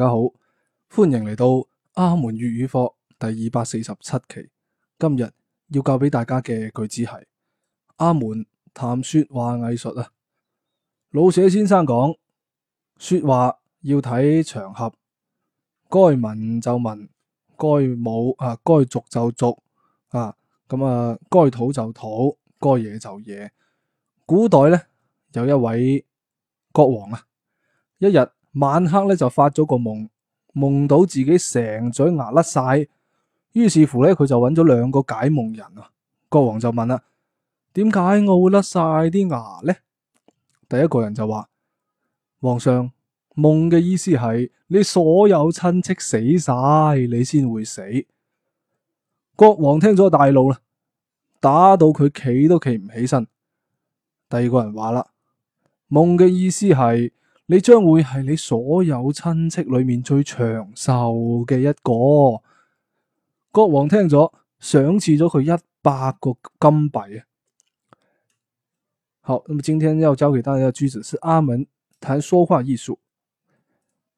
大家好，歡迎嚟到阿門粵語課第二百四十七期。今日要教俾大家嘅句子係阿門談說話藝術啊。老舍先生講說，說話要睇場合，該文就文，該冇啊，該俗就俗啊，咁啊該土就土，該野就野。古代咧有一位國王啊，一日。晚黑咧就發咗個夢，夢到自己成嘴牙甩晒，於是乎咧佢就揾咗兩個解夢人啊。國王就問啦：點解我會甩晒啲牙呢？第一個人就話：皇上夢嘅意思係你所有親戚死晒，你先會死。國王聽咗大怒啦，打到佢企都企唔起身。第二個人話啦：夢嘅意思係。你將會係你所有親戚裏面最長壽嘅一個國王聽咗，賞賜咗佢一百個金幣。好，咁今天要教給大家嘅句子是阿門談說話藝術。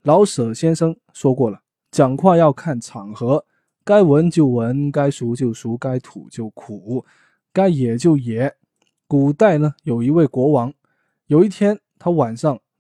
老舍先生說過了，講話要看場合，該文就文，該俗就俗，該土就土，該野就野。古代呢有一位國王，有一天他晚上。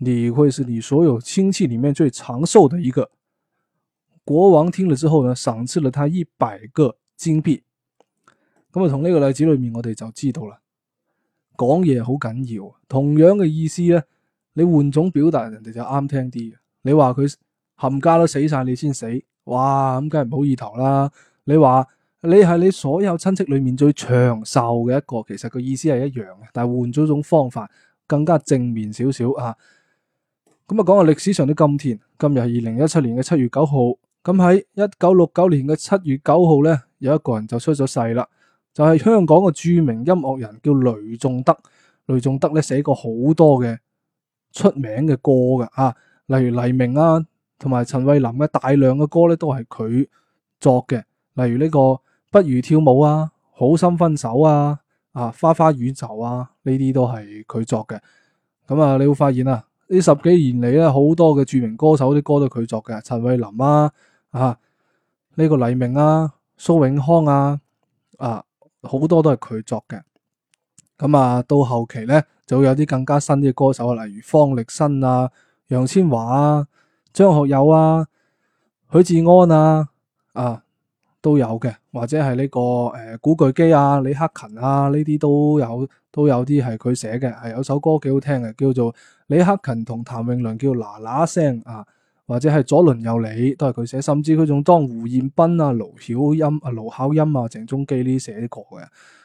你會是你所有親戚裏面最長壽的一個。國王聽了之後呢，賞賜了他一百個金幣。咁啊，從呢個例子裏面我哋就知道啦，講嘢好緊要。同樣嘅意思咧，你換種表達，人哋就啱聽啲。你話佢冚家都死晒，你先死，哇，咁梗係唔好意頭啦。你話你係你所有親戚裏面最長壽嘅一個，其實個意思係一樣，但係換咗一種方法，更加正面少少啊。咁啊，講下歷史上的今天，今日係二零一七年嘅七月九號。咁喺一九六九年嘅七月九號咧，有一個人就出咗世啦，就係香港嘅著名音樂人叫雷頌德。雷頌德咧寫過好多嘅出名嘅歌噶，啊，例如黎明啊，同埋陳慧琳嘅大量嘅歌咧都係佢作嘅，例如呢個不如跳舞啊，好心分手啊，啊，花花宇宙啊，呢啲都係佢作嘅。咁啊，你會發現啊。呢十幾年嚟咧，好多嘅著名歌手啲歌都佢作嘅，陳慧琳啊，啊，呢、這個黎明啊，蘇永康啊，啊，好多都係佢作嘅。咁、嗯、啊，到後期咧，就會有啲更加新啲嘅歌手，例如方力申啊、楊千嬅啊、張學友啊、許志安啊，啊。都有嘅，或者係呢、這個誒、呃、古巨基啊、李克勤啊呢啲都有，都有啲係佢寫嘅，係有首歌幾好聽嘅，叫做李克勤同譚詠麟叫嗱嗱聲啊，或者係左麟右李，都係佢寫，甚至佢仲當胡彥斌啊、盧曉音啊、盧巧音啊、鄭中基呢寫過嘅。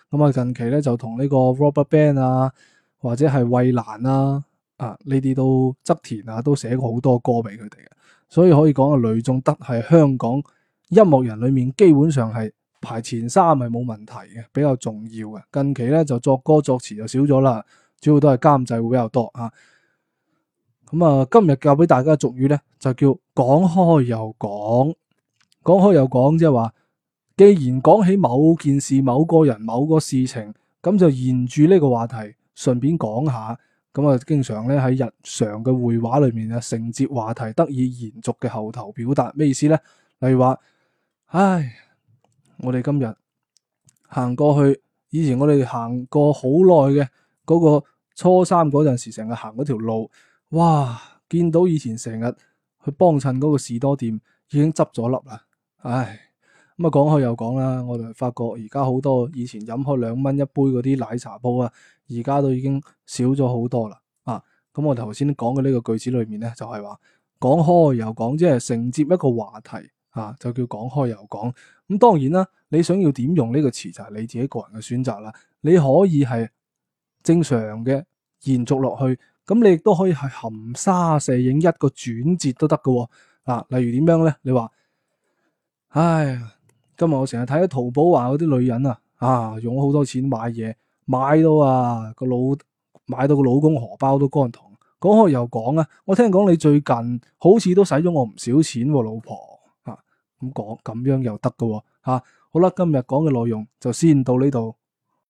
咁啊，近期咧就同呢個 Robert Ben 啊，或者係衛蘭啊啊呢啲都側田啊都寫過好多歌俾佢哋嘅，所以可以講啊，雷頌德係香港。音樂人裏面基本上係排前三係冇問題嘅，比較重要嘅。近期咧就作歌作詞就少咗啦，主要都係監製會比較多啊。咁啊，今日教俾大家嘅俗語咧就叫講開又講，講開又講，即係話既然講起某件事、某個人、某個事情，咁就沿住呢個話題，順便講下。咁啊，經常咧喺日常嘅會話裏面啊，承接話題得以延續嘅後頭表達，咩意思咧？例如話。唉，我哋今日行過去，以前我哋行過好耐嘅嗰個初三嗰陣時，成日行嗰條路，哇！見到以前成日去幫襯嗰個士多店，已經執咗笠啦。唉，咁啊講開又講啦，我哋發覺而家好多以前飲開兩蚊一杯嗰啲奶茶鋪啊，而家都已經少咗好多啦。啊，咁我哋頭先講嘅呢個句子裏面咧，就係話講開又講，即係承接一個話題。啊，就叫講開又講咁、嗯，當然啦、啊。你想要點用呢個詞就係、是、你自己個人嘅選擇啦。你可以係正常嘅延續落去，咁你亦都可以係含沙射影一個轉折都得㗎嗱。例如點樣咧？你話唉，今日我成日睇咗淘寶話嗰啲女人啊啊，用咗好多錢買嘢，買到啊個老買到個老公荷包都乾塘。講開又講啊，我聽講你最近好似都使咗我唔少錢喎、啊，老婆。咁講，咁樣又得噶，吓好啦，今日講嘅內容就先到呢度。